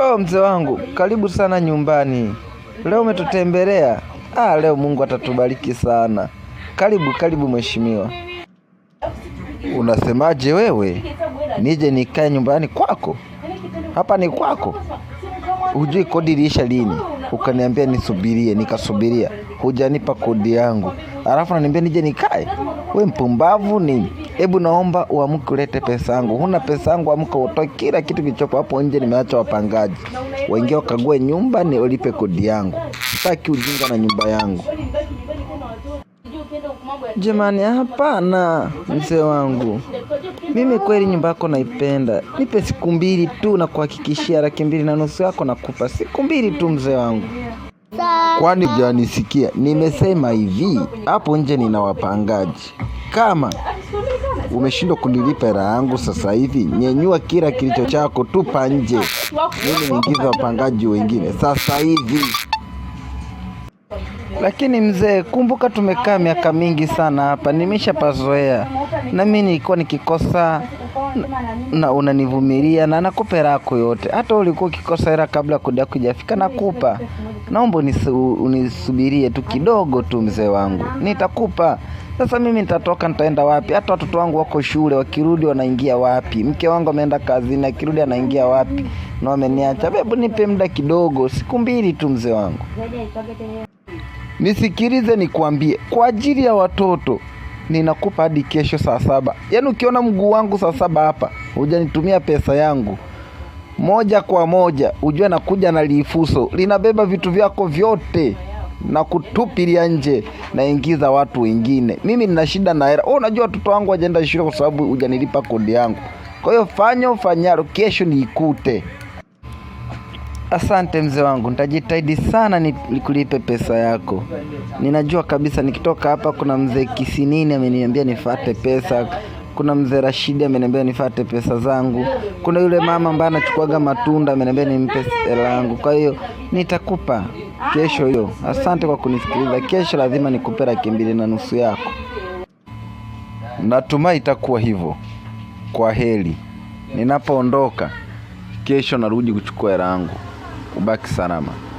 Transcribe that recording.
Oh, mzee wangu, karibu sana nyumbani. Leo umetutembelea? Ah, leo Mungu atatubariki sana. Karibu, karibu mheshimiwa. Unasemaje wewe? Nije nikae nyumbani kwako? Hapa ni kwako? Hujui kodi liisha lini? Ukaniambia nisubirie, nikasubiria. Hujanipa kodi yangu, alafu unaniambia nije nikae? We mpumbavu nini? hebu naomba uamke ulete pesa yangu, huna pesa yangu, amka utoe kila kitu kilichopo hapo nje, nimeacha wapangaji waingia wakague nyumba, ni ulipe kodi yangu, sitaki ujinga na nyumba yangu. Jamani, hapana mzee wangu, mimi kweli nyumba yako naipenda. Nipe siku mbili tu na kuhakikishia laki mbili na nusu yako nakupa, siku mbili tu mzee wangu. Kwani hujanisikia? Nimesema hivi, hapo nje nina wapangaji kama Umeshindwa kunilipa hela yangu sasa hivi, nyenyua kila kilicho chako, tupa nje, mimi niingiza wapangaji wengine sasa hivi. Lakini mzee, kumbuka tumekaa miaka mingi sana hapa, nimeshapazoea na mimi nilikuwa nikikosa na unanivumilia na nakupa hela yako yote. Hata ulikuwa ukikosa hela kabla kuda kujafika nakupa. Naomba unisubirie tu kidogo tu, mzee wangu, nitakupa. Sasa mimi nitatoka nitaenda wapi? Hata watoto wangu wako shule, wakirudi wanaingia wapi? Mke wangu ameenda kazini, akirudi anaingia wapi? Na wameniacha. Hebu nipe muda kidogo, siku mbili tu, mzee wangu, nisikilize, nikwambie. Kwa ajili ya watoto ninakupa hadi kesho saa saba. Yaani ukiona mguu wangu saa saba hapa, hujanitumia pesa yangu moja kwa moja, ujue nakuja na lifuso linabeba vitu vyako vyote na kutupilia nje, naingiza watu wengine. Mimi nina shida na hela. Oh, unajua watoto wangu wajaenda shule kwa sababu hujanilipa kodi yangu. Kwa hiyo fanya ufanyalo, kesho niikute. Asante mzee wangu, nitajitahidi sana nikulipe pesa yako. Ninajua kabisa nikitoka hapa, kuna mzee Kisinini ameniambia nifate pesa, kuna mzee Rashidi ameniambia nifate pesa zangu, kuna yule mama ambaye anachukuaga matunda ameniambia nimpe hela yangu. Kwa hiyo nitakupa kesho hiyo. Asante kwa kunisikiliza. Kesho lazima nikupe laki mbili na nusu yako. Natumai itakuwa hivyo. Kwa heri. Ninapoondoka kesho narudi kuchukua hela yangu. Ubaki salama.